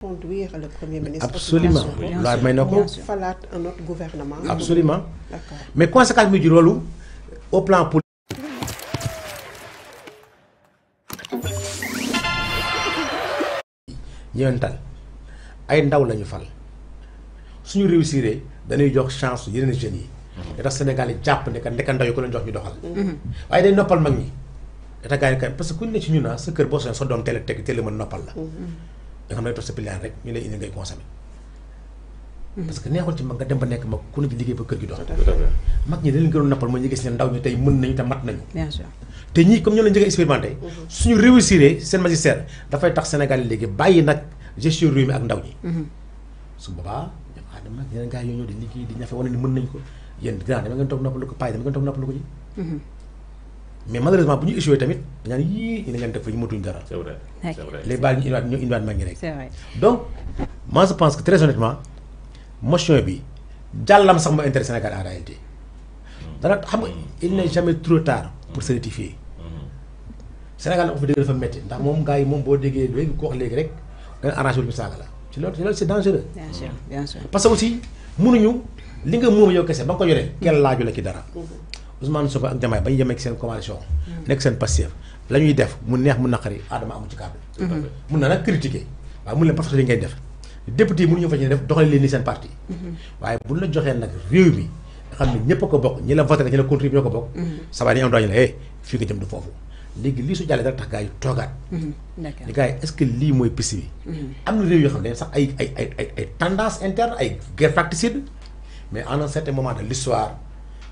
conduire le Premier ministre. Absolument. laaj may na ko falaat un autre gouvernement. absolument mais conséquence bi ji loolu au plan politique. ñëwantal ay ndaw lañu fal suñu réussiré dañuy jox chance yeneen jeunes yi. dafa mhm. Sénégal yi japp ne que ndeka ndaw ko leen jox ñu doxal. Mhm. waaye day noppal mag ñi. dafa gars yi parce que ku ne ci ñu naa ah, sa kër boo soobee sa doom teel a teg teel a mën noppal la. Mhm. da nga may ne toog sa piliaan rek ñu lay indi ngay consommer parce que neexul ci ma nga dem ba nek ma ku ne di liggéey ba kër gi dox mag ñi dañ gënoon nappal mo ñi gis ne ndaw ñu tay mën nañu te mat nañu bien sûr te ñi comme ñu lañu jëgë expérimenté suñu réussiré sen magistère da fay tax Sénégal léegi bayyi nak gestion rue mi ak ndaw ñi su boobaa ñoom aadama ñeneen gars yoo ñu di liggéey di ñafé wane ni mën nañ ko yeen grand dama nga tok noppalu ko pay dama nga tok noppalu ko ñi mais malheureusement bu ñu échoué tamit dañaan yi yéen a def ñu matuñ dara. c'est vrai c'est vrai les balles ñu indiwaat ñu indiwaat maa ngi rek. c'est vrai donc moi je pense que très honnêtement motion bi jallam sax mo intérêt Sénégal en réalité. Hmm. dana xam nga il n'est jamais trop tard pour se rectifier. Hmm. Sénégal dafa dégg dafa metti ndax moom gars yi moom boo déggee léegi ku wax léegi rek dañ arrangé wu ñu saaga la ci loolu ci loolu c'est dangereux. bien sûr bien sûr. parce que aussi mënuñu li nga moom yow kese ba ko yoree kenn laaju la ci dara. Mmh. Ousmane Sonko ak Diomaye seen coalition. Mm. nekk seen Pastef la ñuy def mu neex mu naqari Adama amu ci kàddu. Mm-hmm. mun na que li ngay def député yi mënuñu fa ñu def doxalee leen ni seen parti. Mm-hmm. waaye buñ la joxee nag réew mi nga xam ñëpp a ko ñi la voté ko bokk. sabaa mm-hmm. dañuy am doole ñu ne eh lii su jàllee dara tax gars yi toogaat. d'accord li yi est lii mooy piste bi. am na réew yoo xam ne sax ay ay ay ay tendance interne ay guerre fratricide mais en un moment l'histoire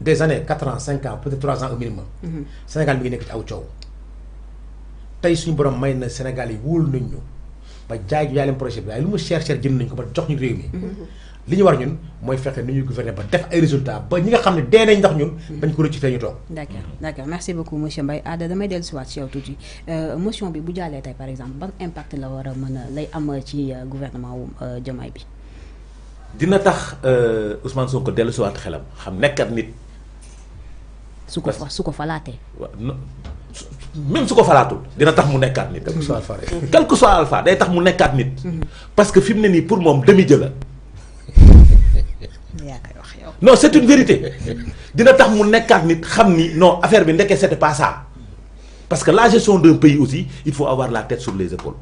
des années 4 ans 5 ans peut-être 3 ans au minimum. Mhm. Sénégal mi ngi nek ci aw coow. Tay suñu borom may na Sénégal yi wul nañ ba jaay jaay leen projet bi waaye lu mu cher cher jënd nañ ko ba jox ñu réew mi. Mhm. li ñu war ñun mooy fexe ni ñuy gouverner ba def ay résultats ba ñi nga xam ne dee nañ ndax ñun. Mhm. bañ ko rëcc fee ñu toog. d' accord d' accord merci beaucoup monsieur Mbaye Ada damay dellusiwaat si yow tuuti euh, motion bi bu jàllee tey par exemple ban impact la war a mën a lay am ci euh, gouvernement wu euh, Diomaye bi. dina tax Ousmane Sonko dellusiwaat xelam xam nekkat nit su ko même su ko falaatul dina tax mu nekkaat nit. quel soit alpha quel que soit alpha day tax mu nekkaat nit. Mhm. parce que fi ni pour moom demi jëla non c'est une vérité dina tax mu nekkaat nit xam non affaire bi ndekkee c'est pas ça parce que la gestion d'un pays aussi il faut avoir la tête sur les épaules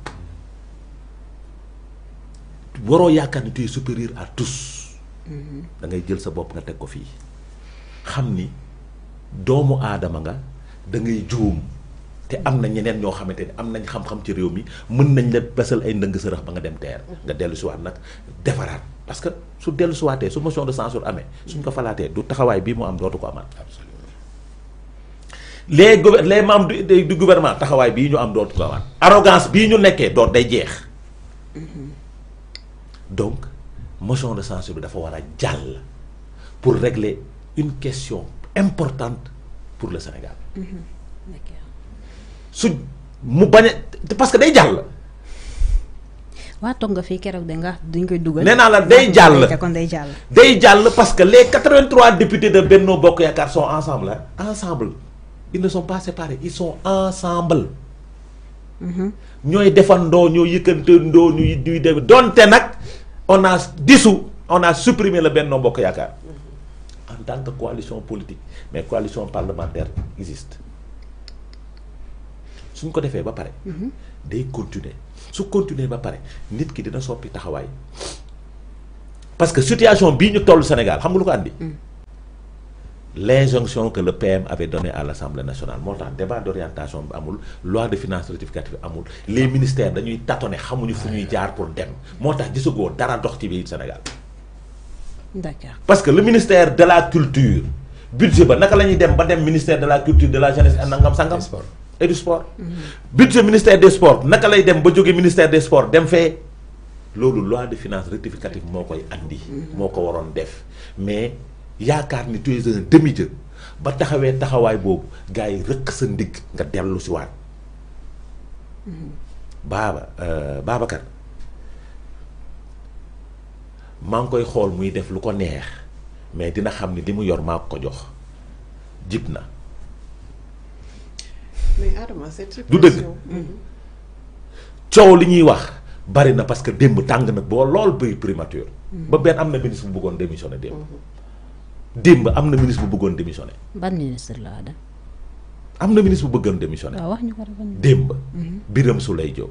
Il yaakaar ni tu es supérieur à tous mhm. da ngay jël sa bopp nga teg ko fii xam doomu aadama nga da ngay juum te am na ñeneen ñoo xamante ne am nañ xam-xam ci réew mi mën nañ la besal ay ndëng sërëx ba nga dem teer mm-hmm. nga dellu siwaat nag defaraat parce que su dellu siwaatee su motion de censure amee suñ ko falaatee du taxawaay bii mu am dootu ko amaat les gouver les membres du taxawaay bii ñu am dootu ko amaat arrogance bii ñu nekkee doot day jeex mm-hmm. donc motion de censure bi dafa war a jàll pour régler une question importante pour le Sénégal. Mhm. parce que parce que les 83 députés de Benno Bokk sont ensemble hein. ensemble ils ne sont pas séparés ils sont ensemble. nous défendons nous y ñuy les on a dissous on a supprimé le Benno Bokk en tant que coalition politique mais coalition parlementaire existe suñ ko defee ba c'est pas mhm. continuer su continuer ba pare nit ki dina soppi taxawaay parce que situation bii ñu au Sénégal xam nga lu ko andi. Mm. l'injonction que le PM avait donnée à l'Assemblée nationale. le débat d'orientation, loi de finances rectificative, les ministères, ils tâtonnent, diar pour dem. Mon temps, nous avons dit Sénégal. Parce que le ministère de la culture, budget ministère de la culture de la jeunesse de sangam et du sport mhm. budget ministère des sports naka dem ba ministère des sports dem loi de finances rectificative andi mhm. def mais ya ni tu un demi-dieu ba taxawee sa maa ngi koy xool muy def lu ko neex mais dina xam ni li mu yor maa ko jox jib na. mais Adama du dëgg mm-hmm. coow li ñuy wax bari na parce que démb tàng na boo lool bëri primature. Mm-hmm. ba benn am na ministre bu bëggoon démissionné démb. Mm-hmm. démb am na ministre bu bëggoon démissionné. ban ministre la na ministre bu bëggoon démissionné. waaw ah, wax ñu ko démb. Birame Souleye Diop.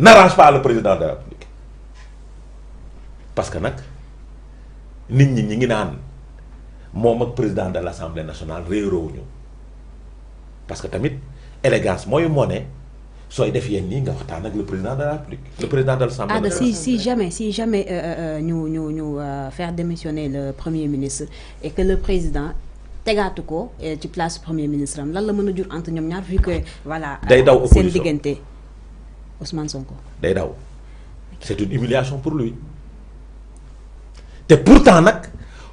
n'arrange pas le président de la République parce que nak, nit ñi ñi ngi naan moom ak président de l'Assemblée nationale réeroo ñu parce que tamit élégance moy moné soy def yenn ni nga waxtan ak le président de la République le président de l'Assemblée nationale si si jamais si jamais euh, euh, euh, ñu ñu ñu faire démissionner le premier ministre et que le président tegaatu ko tu place premier ministre am lan la mëna a jur entre ñom ñaar vu que voilà. C'est une seen c'est une humiliation pour lui et pourtant nak,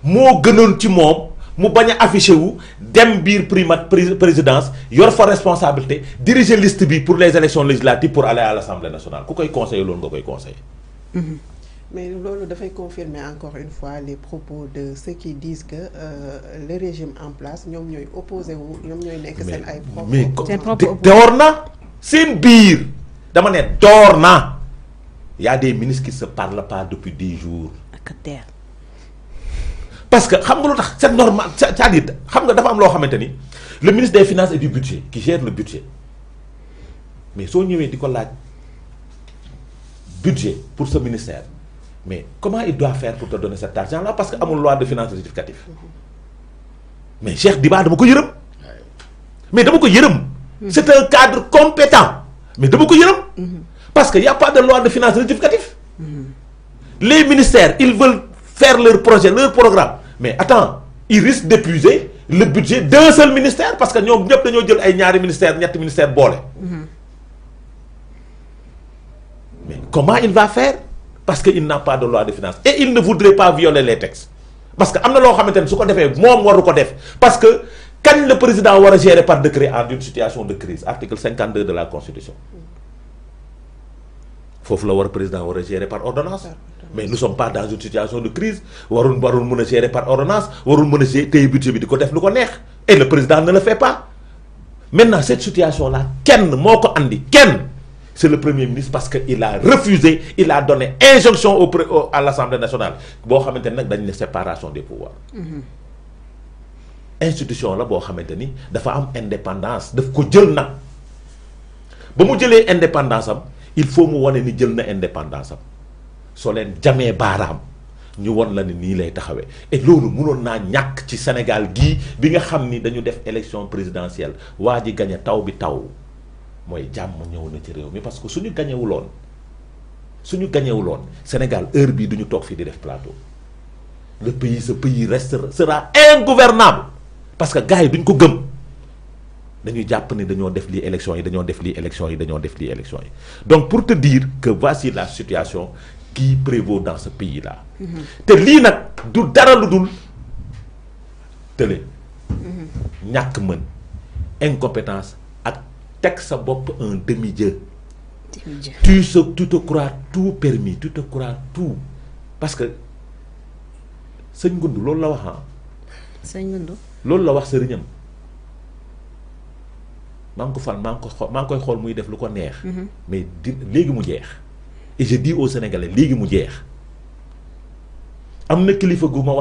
mo gënon ci mom mu baña a affiché wu dem bir primat présidence yor fa responsabilité diriger liste bi pour les élections législatives pour aller à l'Assemblée nationale ku koy conseillé loolu nga koy conseiller. Mm-hmm. Mais ça confirmer encore une fois les propos de ceux qui disent que euh, le régime en place, nous sommes opposés, nous sommes opposés. Mais, c'est mais, mais, c'est c'est bire dama manière Il y a des ministres qui ne se parlent pas depuis 10 jours. parce que c'est normal cest le ministre des finances et du budget qui gère le budget mais si on est dit budget pour ce ministère mais comment il doit faire pour te donner cet argent là parce a une loi de finances justificative mais Cheikh Diba dama ko yërëm mais dama ko hmm. c'est un cadre compétent mais y beaucoup a parce qu'il n'y a pas de loi de finances rectificative. les ministères ils veulent faire leur projet leur programme mais attends ils risquent d'épuiser le budget d'un seul ministère parce que nous nous tous jël ministères ministères mais comment il va faire parce qu'il n'a pas de loi de finances et il ne voudrait pas violer les textes parce que nous parce que. Quand le président va gérer par décret en une situation de crise article 52 de la constitution faut que le président war gérer par ordonnance mais nous ne sommes pas dans une situation de crise Warun Warun mën gérer par ordonnance Warun ne gérer budget bi côté et le président ne le fait pas maintenant cette situation là Ken Moko andi Ken, c'est le premier ministre parce qu'il a refusé il a donné injonction au à l'Assemblée nationale boo xamante nag une séparation des pouvoirs mm-hmm institution la bo xamante ni dafa am indépendance daf ko jël nag ba mu jëlé indépendance am il faut mu woné ni jël na indépendance am so len jamee baram ñu won la ni nii lay taxawé et loolu mënoon na ñak ci Sénégal gi bi nga xamni dañu def élection présidentielle waji ji taw bi taw moy jamm ñew na ci réew mi parce que suñu gañewuloon suñu gañewuloon Sénégal heure bi duñu tok fi di def plateau le pays ce pays restera sera ingouvernable parce que gars yi duñ ko gëm dañuy japp ni dañoo def li élection yi dañoo def li élection yi dañoo def li élection yi donc pour te dire que voici la situation qui prévaut dans ce pays là. Mm-hmm. te li nak du dara lu dul tële. Mm-hmm. mën incompétence ak tek sa bop un demi-dieu. tu se tu te crois tout permis tu te crois tout parce que seigne Goundou loolu la wax ah. sëñ loolu la wax sëriñam maa ngi ko fal maa ko xool koy xool muy def lu ko neex. Mm-hmm. mais di léegi mu jeex. et je dis aux léegi mu jeex am na kilifa gu ma